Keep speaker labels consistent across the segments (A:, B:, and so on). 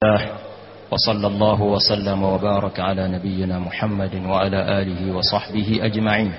A: الله وصلى الله وسلم وبارك على نبينا محمد وعلى آله وصحبه أجمعين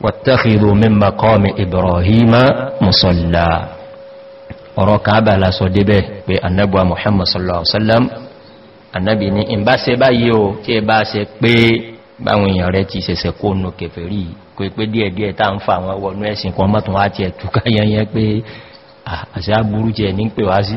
A: واتخذوا من مقام إبراهيم مصلى وركب على صدبه بأنبوى محمد صلى الله عليه وسلم النبي ni in ba se bayi o ke ba se pe bawon eyan re ti sese ko nu keferi ko pe die die ta nfa won wonu esin kon mo tun wa ti e tuka yan yan pe ah ase aburu je ni pe wa si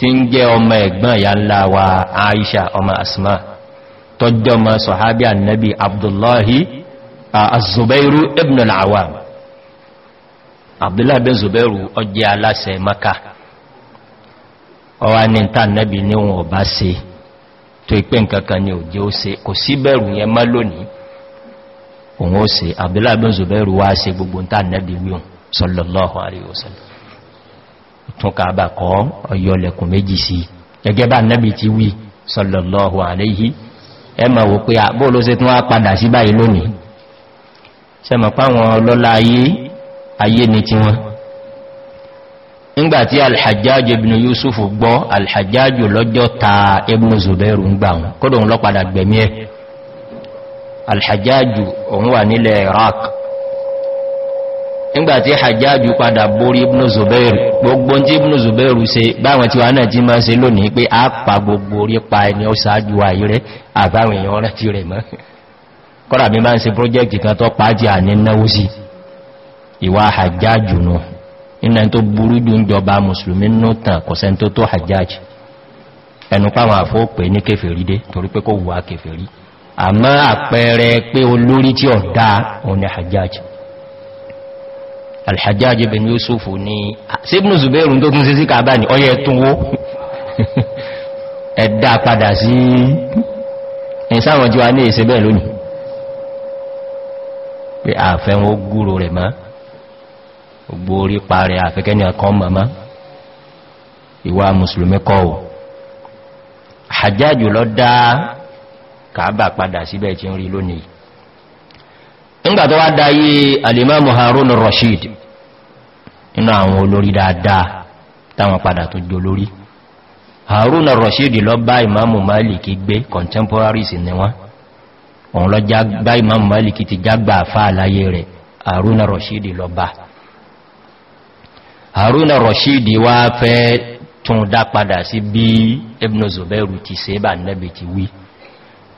A: tí ń jẹ́ ọmọ ẹ̀gbọ́n ìyá ńlá wa aisha ọmọ asma tọ́jọ́ ma sọ̀hábí annabi abdullahi azubairu ibn al'awam abdullahi bin zubairu ọjẹ́ aláṣẹ maka ọwá ní ta annabi níwọ̀n ọba se tó ipé nkankan ni ò jẹ́ ó se kò sí bẹ̀rù yẹn má lónìí òun ó se abdullahi bin zubairu wá se gbogbo ta annabi wíhun sallallahu alaihi wasallam tún kàbà kọ́ ọ̀yọ̀lẹ̀kùn méjì sí gẹ́gẹ́ bá nẹ́bì ti wí sọ̀lọ̀lọ́hù àléhì ẹ ma wò pé àbó ló se tún wá padà sí báyìí lónìí sẹ́mọ̀ páwọn ọlọ́lá ayé ayé ni ti wọn nígbàtí alhajjájú ibn yusuf gbọ́ alhajjájú lọ́jọ́ ta ibn zubairu ń kodo wọn kódò ń lọ padà gbẹ̀mí ẹ alhajjájú òun wà nílẹ̀ iraq nígbàtí hajjájú padà borí ibn zubairu gbogbo tí ibn zubairu se báwọn tí wà náà jí máa se lónìí pé a pa gbogbo orí pa ẹni ó sáájú ayé rẹ̀ àbáwọn èèyàn rántí rẹ̀ mọ́ kọ́rà mi máa ń se project kan tó pàájì àní náwó sí ìwà hajjájú nù iná tó burú jù ń jọba musulmi nù tàn kò sẹ́ tó tó hajjájú ẹnu alhajjáji bin yusuf ní síbnù zubairu tó tún sí sí kàbá ní ọyẹ túnwó ẹ̀dá padà sí ìsáwọn jíwa ní èsẹ bẹ́ẹ̀ lónìí pé àfẹ́wọn gúrò rẹ̀ má gbogbo orí pa rẹ̀ àfẹ́kẹ́ni ọkàn mọ̀má ìwà musulmi kọ́ ò hajjájù lọ dá kàbà padà síbẹ̀ tí ń rí lónìí nígbà tó wá dáyé alimamu harun rashid inú àwọn olórí dáadáa táwọn padà tó jò lórí harun rashid lọ bá imamu maliki gbé contemporaries ni wọ́n òun lọ bá imamu maliki ti jágbà fà aláyé rẹ̀ harun rashid lọ bá
B: harun rashid wá fẹ́
A: tún dá padà sí bí ibn zubairu ti sẹ́bà nẹ́bẹ̀ ti wí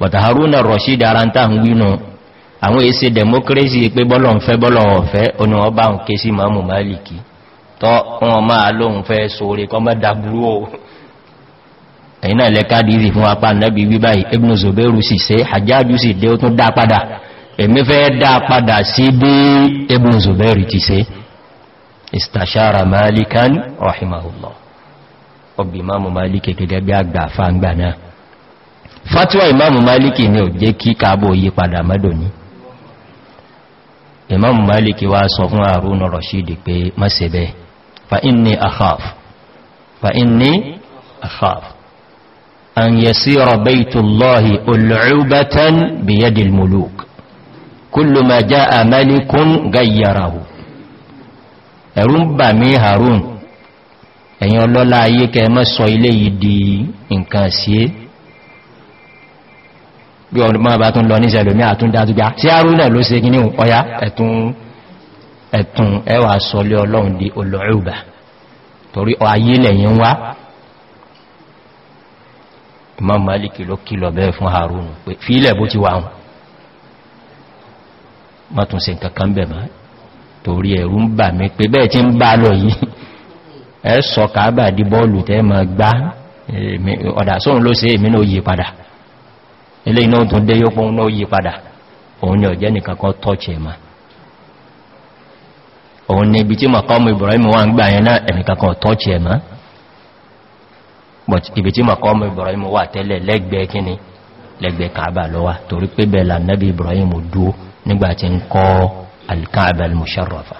A: but harun rashid ara ń wínú àwọn èsè democracy pé bọ́lọ̀ ń fẹ́ bọ́lọ̀ ọ̀fẹ́ oní wọ́n bá ń ké sí mọ́mù máàlìkì tọ́ wọn máa lóhun fẹ́ sóre kọ́ mọ́ dàbúrú o ẹ̀yìn náà lẹ́ká dìízi fún apá nẹ́bí wíbá ibn zoberu sì sé hajjájú sì dé ó tún dá padà èmi fẹ́ dá fatiwa imamu maliki ni ò jẹ́ kí káàbò yí padà mọ́dọ̀ ní imam maliki wa sọ fún àrùn rọ̀ṣídì pé mọ́sẹ̀bẹ̀ fa inni akhaf fa inni akhaf an yasira baytullahi ul'ubatan biyadil muluk kullu ma jaa malikun gayyarahu erun ba mi harun eyan lola aye ke ma so ile yi di nkan sie bí ọdún máa bá tún lọ ní ìṣẹ̀lòmí àtúndájúgbá tí a rúnà ah, ló se gíní ọya ẹ̀tún ẹwà sọlé ọlọ́run di olóòrùbà torí ayé lẹ̀yìn wá imam maliki ló kílọ̀ bẹ́ẹ̀ fún harun pé fílẹ̀ bó ti wà hùn di bọ́ọ̀lù tẹ́ mọ̀ gbá ọ̀dà sóhun ló se èmi náà yí padà ilé iná tó dé yóò fún náà yí padà òun ni ọ̀jẹ́ nìkan kan tọ́ọ̀chì òun ni ibi tí mọ̀kọ́mù ibrahim wà ń gbà yẹn náà ẹnìkan kan tọ́ọ̀chì ẹ̀mà but ibi tí mọ̀kọ́mù ibrahim wà tẹ́lẹ̀ lẹ́gbẹ̀ẹ́ kíni lẹ́gbẹ̀ẹ́ kaaba lọ́wà torí pé bẹ̀lá ibrahim dúó nígbàtí ń al-musharrafa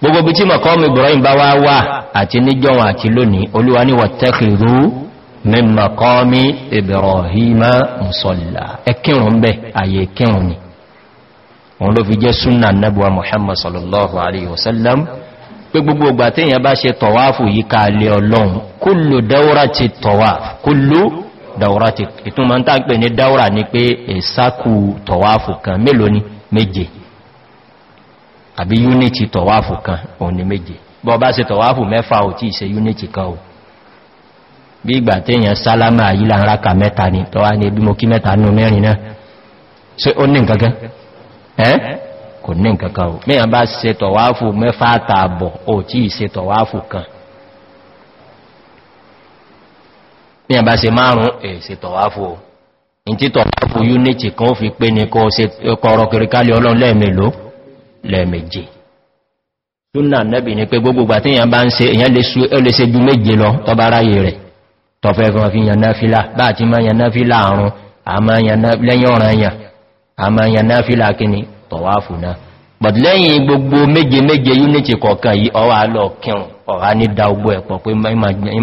A: gbogbo bí tí mọ̀kọ́mù ibrahim bá wá wà àti níjọ́wọ̀n àti lónìí min maqami ibrahima musalla ẹkẹrùn bẹ ayé kẹrùn ni wọn ló fi jẹ́ súnà nẹ́bùwa muhammad sallallahu alaihi wasallam pé gbogbo ọgbà tí èyàn bá ṣe tọ̀wáfù yí ká lè ọlọ́run kúlù dáúrà ti tọ̀wáfù kúlù dáúrà ti ìtúnmọ̀ ń tàgbẹ̀ ní dáúrà ní pé ìsákù tọ̀wáfù bí ìgbà tí èyàn sálámà yí láńráka mẹ́ta ni tọ́wá ní bí mo kí mẹ́ta nù mẹ́rin náà ṣe ó ní nǹkankan kò ní nǹkankan o mẹ́yàn bá se tọ̀wáfù mẹ́fà àtààbọ̀ ò tí ì se tọ̀wáfù kan mẹ́yàn bá se márùn ẹ̀ se tọ̀wáfù o tọ̀wáfù kan fi ni gbogbo tọ́fẹ́ fún ọfí yanáfílà bá ti máa yanáfílà àrùn lẹ́yìn ọ̀ràn yà a máa yanáfílà kí ni tọ̀wáfù náà but lẹ́yìn gbogbo méje méje unity kọ̀ọ̀kan yìí ọwà lọ kírùn ọ̀há ní da ogbó ẹ̀pọ̀ pé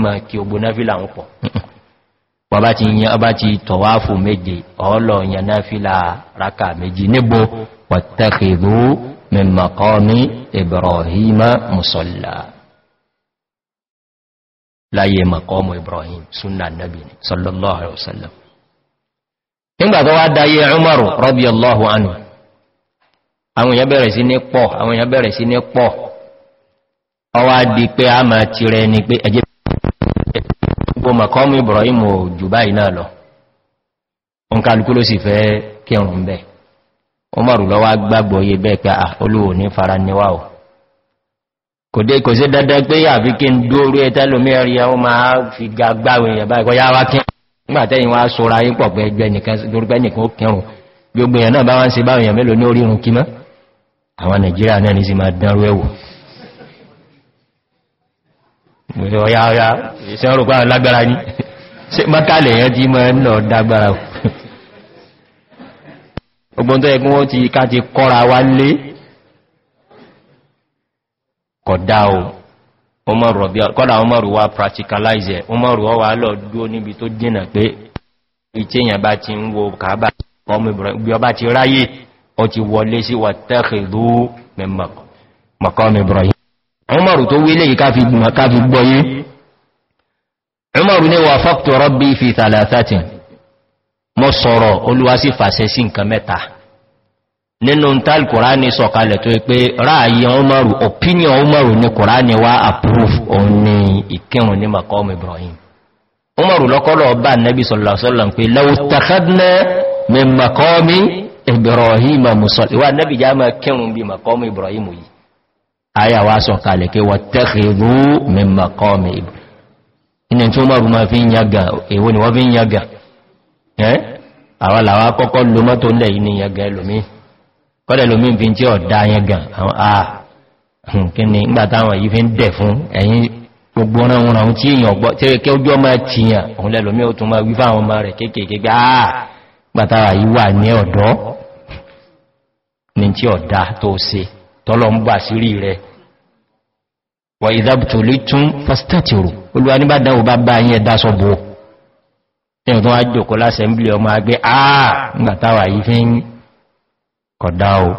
A: ma kí ogbó náfílà ń pọ̀ bọ́bá ti tọ̀wáfù méje ọlọ yanáfílà raka méjì níbo wàtàkìrú mẹ́màkọ́ ní ibrahima musalla láyé mọ̀kọ́mù ibrahim suna nabi ni sallallahu alaihi wasallam nígbàtọ́ wá dáyé umaru rọ́bí allahu anu àwọn èèyàn bẹ̀rẹ̀ sí ní pọ̀ àwọn èèyàn bẹ̀rẹ̀ sí ní pọ̀ ọwá di pé a máa ti rẹ ni pé ẹjẹ́ gbogbo mọ̀kọ́mù ibrahim ò jù báyìí náà lọ òun kò dé kò sí dandan pé àfi kí n dúró ẹtẹ́lómí ẹ̀rí ọ máa fi gbàgbàwẹ̀ ìyàbá ìkọjá wá kí nígbàtẹ́yìn wá sọ́ra yí pọ̀ pẹ̀ ẹgbẹ́ nìkan ó kírùn gbogbo èèyàn náà bá wá ń se báwọn èèyàn mélòó ní orírun kí mọ́ àwọn nàìjíríà náà ní ti ká ti kọ́ra wá lé kọ̀dá o kọ́dá ọmọrù wá practicalize ẹ̀ ọmọrù ọwà lọ dúó níbi tó dínà pé ìtíyàn bá ti ń wo kàábà ọmọ ìbí ọba ti ráyè ọ ti wọlé sí wà tẹ́kìlú mọ̀kọ́ ìbìrọ̀yìn ọmọrù tó wílé yìí káfí gbọ́yé ọmọrù ní wà fọ́kùtù rọ́bí fi tàlàtàtì mọ́ sọ̀rọ̀ olúwa sí fàṣẹ sí nǹkan nínú tal kùránì sọ̀kalẹ̀ tó pé ráàyí ọmọrù opinion ọmọrù ní kùránì wá approve òun ní ìkírùn ní makọ́mù ibrahim ọmọrù lọ́kọ́lọ̀ bá nẹ́bí sọ̀lọ̀sọ̀lọ̀ pé láwùtàkádẹ́ mẹ makọ́mù ibrahim musulwa nẹ́bí já mẹ́ kírùn bí makọ́mù ibrahim yìí aya wá sọ̀kalẹ̀ pé wàtẹ́kìrú mẹ makọ́mù ibrahim àwọn làwọn akọ́kọ́ lomọ́tò lẹ́yìn ni yàgá ẹlòmíì kọ́dẹ̀ lómi fi tí ọ̀dá yẹn gan àwọn ààkí ni ngbàtàwọn yìí fi ń dẹ̀ fún ẹ̀yìn gbogbo ránwọ̀n àwọn tí èyàn ọgbọ́ tí kí ojú ọmọ tìyàn òun lẹ́lómi ó tún máa wí fáwọn ọmọ rẹ̀ kéèkéé gbàtàwà yìí wà ní wà ní kọ̀dá o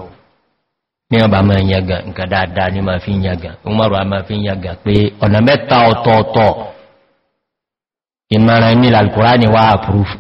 A: ní ọba ma yàgà nǹkan dáadáa ní ma fi yàgà umaru a ma fi yàgà pé ọ̀nà mẹ́ta ọ̀tọ̀ọ̀tọ̀ ìmọ̀ràn ní alkùránì wá àpúrúfù